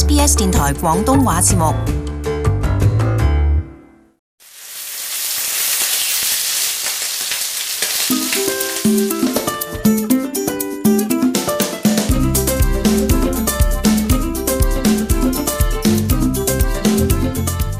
SBS 電台廣東話節目。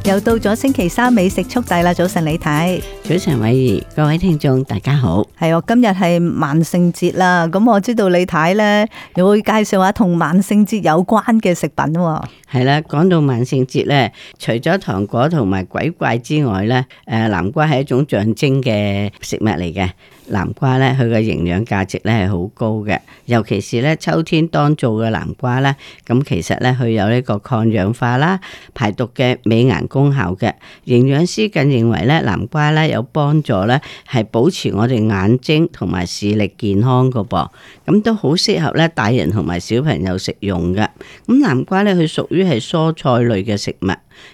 又到咗星期三美食速遞啦！早晨李太，早晨偉儀，各位聽眾大家好，係哦，今日係萬聖節啦，咁我知道李太呢，又會介紹下同萬聖節有關嘅食品。係啦，講到萬聖節呢，除咗糖果同埋鬼怪之外呢，誒，南瓜係一種象徵嘅食物嚟嘅。南瓜咧，佢嘅營養價值咧係好高嘅，尤其是咧秋天當造嘅南瓜咧，咁其實咧佢有呢個抗氧化啦、排毒嘅美顏功效嘅。營養師更認為咧，南瓜咧有幫助咧，係保持我哋眼睛同埋視力健康個噃，咁都好適合咧大人同埋小朋友食用嘅。咁南瓜咧，佢屬於係蔬菜類嘅食物，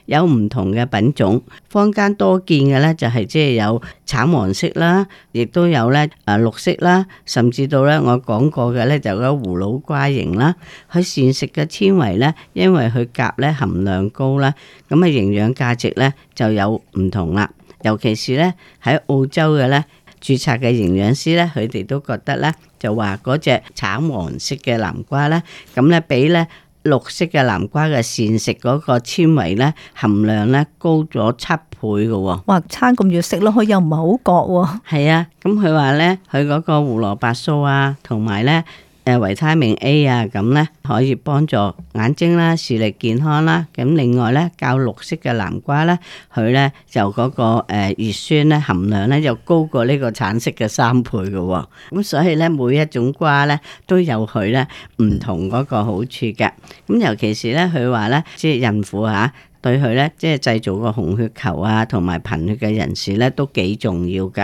有唔同嘅品種。坊間多見嘅呢，就係即係有橙黃色啦，亦都有呢誒綠色啦，甚至到呢我講過嘅呢，就有嗰葫蘆瓜型啦。佢膳食嘅纖維呢，因為佢鉀呢含量高啦，咁啊營養價值呢就有唔同啦。尤其是呢喺澳洲嘅呢，註冊嘅營養師呢，佢哋都覺得呢，就話嗰隻橙黃色嘅南瓜呢，咁呢比呢。綠色嘅南瓜嘅膳食嗰個纖維咧含量咧高咗七倍㗎喎、哦，哇！餐咁樣食落去又唔係好覺喎、哦。係 啊，咁佢話咧，佢嗰個胡蘿蔔素啊，同埋咧。誒維他命 A 啊，咁咧可以幫助眼睛啦、視力健康啦。咁另外咧，較綠色嘅南瓜咧，佢咧就嗰、嗰個誒、呃、葉酸咧含量咧又高過呢個橙色嘅三倍嘅、哦。咁所以咧，每一種瓜咧都有佢咧唔同嗰個好處嘅。咁尤其是咧，佢話咧，即係孕婦嚇、啊。對佢呢，即係製造個紅血球啊，同埋貧血嘅人士呢，都幾重要噶。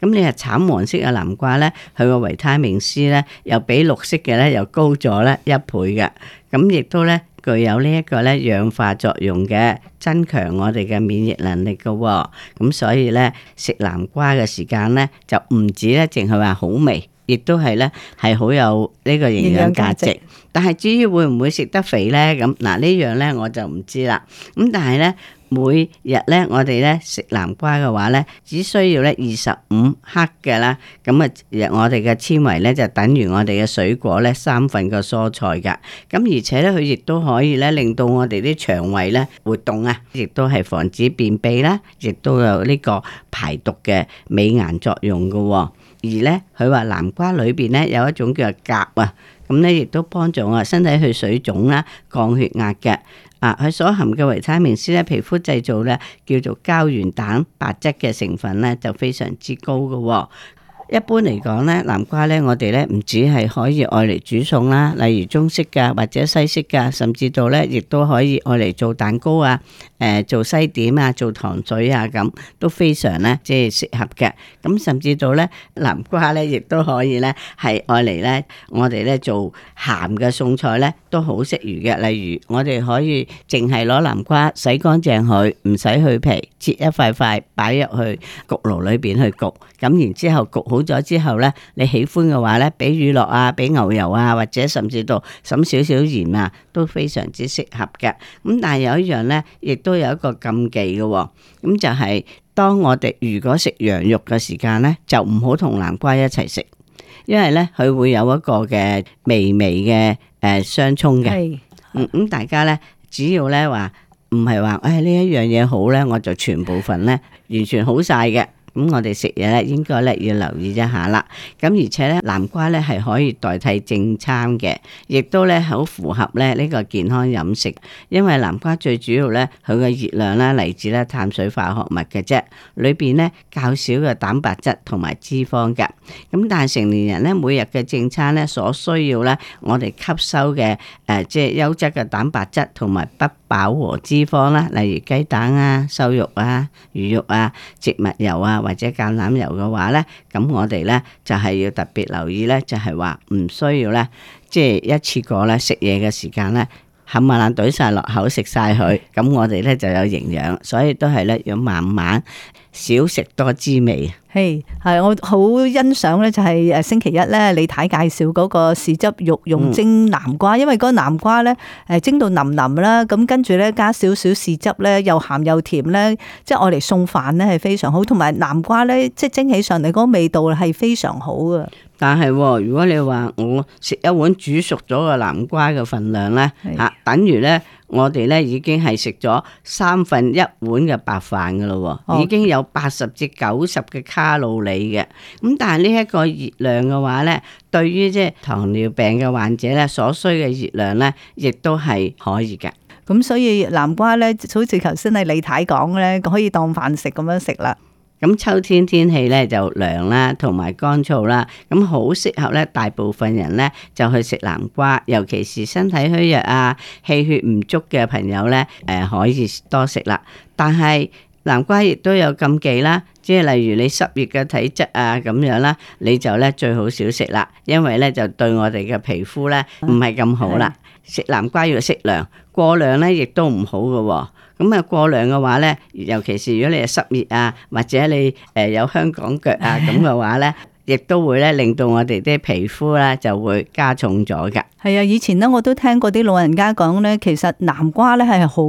咁你係橙黃色嘅南瓜呢，佢個維他命 C 呢，又比綠色嘅呢，又高咗呢一倍嘅。咁亦都呢，具有呢一個呢氧化作用嘅，增強我哋嘅免疫能力噶喎。咁所以呢，食南瓜嘅時間呢，就唔止咧淨係話好味。亦都係呢，係好有呢個營養價值。但係至於會唔會食得肥呢？咁嗱呢樣呢我就唔知啦。咁但係呢，每日呢我哋呢食南瓜嘅話呢，只需要呢二十五克嘅啦。咁啊，我哋嘅纖維呢就等於我哋嘅水果呢三分嘅蔬菜噶。咁而且呢，佢亦都可以呢令到我哋啲腸胃呢活動啊，亦都係防止便秘啦，亦都有呢個排毒嘅美顏作用噶。而咧，佢話南瓜裏邊咧有一種叫做鉀啊，咁咧亦都幫助我身體去水腫啦、降血壓嘅。啊，佢所含嘅維他命 C 咧，皮膚製造咧叫做膠原蛋白質嘅成分咧，就非常之高嘅，哦。一般嚟講咧，南瓜咧，我哋咧唔止係可以愛嚟煮餸啦，例如中式嘅或者西式嘅，甚至到咧亦都可以愛嚟做蛋糕啊、誒做西點啊、做糖水啊咁，都非常咧即係適合嘅。咁甚至到咧南瓜咧，亦都可以咧係愛嚟咧，我哋咧做鹹嘅餸菜咧都好適宜嘅。例如我哋可以淨係攞南瓜洗乾淨佢，唔使去皮，切一塊塊擺入去焗爐裏邊去焗，咁然之後焗好。好咗之後呢，你喜歡嘅話呢，俾乳酪啊，俾牛油啊，或者甚至到搵少少鹽啊，都非常之適合嘅。咁、嗯、但係有一樣呢，亦都有一個禁忌嘅、哦。咁、嗯、就係、是、當我哋如果食羊肉嘅時間呢，就唔好同南瓜一齊食，因為呢，佢會有一個嘅微微嘅誒相衝嘅。咁是、嗯嗯、大家呢，只要呢話唔係話，誒呢一樣嘢好呢，我就全部份呢，完全好晒嘅。咁我哋食嘢咧，應該咧要留意一下啦。咁而且咧，南瓜咧係可以代替正餐嘅，亦都咧好符合咧呢個健康飲食。因為南瓜最主要咧，佢嘅熱量咧嚟自咧碳水化合物嘅啫，裏邊咧較少嘅蛋白質同埋脂肪㗎。咁但係成年人咧每日嘅正餐咧所需要咧，我哋吸收嘅誒即係優質嘅蛋白質同埋不飽和脂肪啦，例如雞蛋啊、瘦肉啊、魚肉啊、植物油啊。或者橄欖油嘅話咧，咁我哋咧就係要特別留意咧，就係話唔需要咧，即係一次過咧食嘢嘅時間咧。冚唪唥懟晒落口食晒佢，咁我哋咧就有營養，所以都係咧要慢慢少食多滋味。嘿，係我好欣賞咧，就係誒星期一咧李太介紹嗰個豉汁肉用蒸南瓜，嗯、因為嗰個南瓜咧誒蒸到腍腍啦，咁跟住咧加少少豉汁咧又鹹又甜咧，即係愛嚟送飯咧係非常好，同埋南瓜咧即係蒸起上嚟嗰個味道係非常好嘅。但係，如果你話我食一碗煮熟咗個南瓜嘅份量呢，吓的、啊，等於呢，我哋呢已經係食咗三分一碗嘅白飯噶咯，哦、已經有八十至九十嘅卡路里嘅。咁但係呢一個熱量嘅話呢，對於即係糖尿病嘅患者呢，所需嘅熱量呢，亦都係可以嘅。咁所以南瓜呢，就好似頭先係李太講呢，可以當飯食咁樣食啦。咁秋天天氣就涼啦，同埋乾燥啦，咁好適合大部分人咧就去食南瓜，尤其是身體虛弱啊、氣血唔足嘅朋友咧，呃，可以多食啦，但係。南瓜亦都有禁忌啦，即係例如你濕熱嘅體質啊咁樣啦，你就咧最好少食啦，因為咧就對我哋嘅皮膚咧唔係咁好啦。食、嗯、南瓜要適量，過量咧亦都唔好㗎喎。咁啊過量嘅話咧，尤其是如果你係濕熱啊，或者你誒有香港腳啊咁嘅話咧。 亦都會咧，令到我哋啲皮膚咧就會加重咗㗎。係啊，以前咧我都聽過啲老人家講咧，其實南瓜咧係好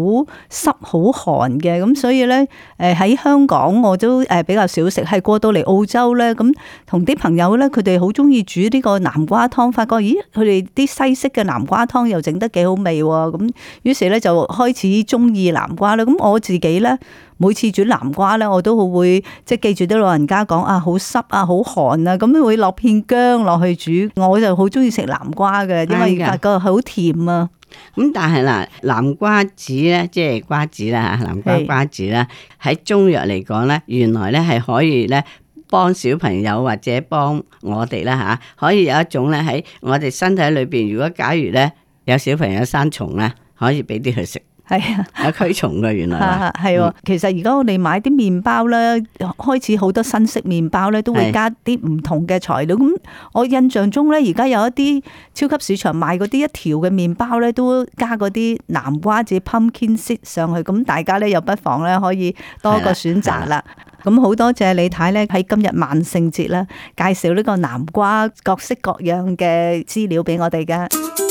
濕好寒嘅，咁所以咧誒喺香港我都誒比較少食。係過到嚟澳洲咧，咁同啲朋友咧，佢哋好鍾意煮呢個南瓜湯，發覺咦，佢哋啲西式嘅南瓜湯又整得幾好味喎。咁於是咧就開始鍾意南瓜啦。咁我自己咧。.每次煮南瓜咧，我都好會即係記住啲老人家講啊，好濕啊，好寒啊，咁會落片薑落去煮。我就好中意食南瓜嘅，因為個好甜啊。咁但係啦，南瓜子咧，即係瓜子啦，南瓜瓜子啦，喺是中藥嚟講咧，原來咧係可以咧幫小朋友或者幫我哋啦吓，可以有一種咧喺我哋身體裏邊，如果假如咧有小朋友生蟲啊，可以俾啲佢食。係啊，有蛆蟲嘅原來。係喎、啊，啊嗯、其實而家我哋買啲麵包咧，開始好多新式麵包咧都會加啲唔同嘅材料。咁、啊、我印象中咧，而家有一啲超級市場賣嗰啲一條嘅麵包咧，都加嗰啲南瓜子 （pumpkin s e e 上去。咁大家咧又不妨咧可以多個選擇啦。咁好多謝李太咧喺今日萬聖節啦，介紹呢個南瓜各式各樣嘅資料俾我哋嘅。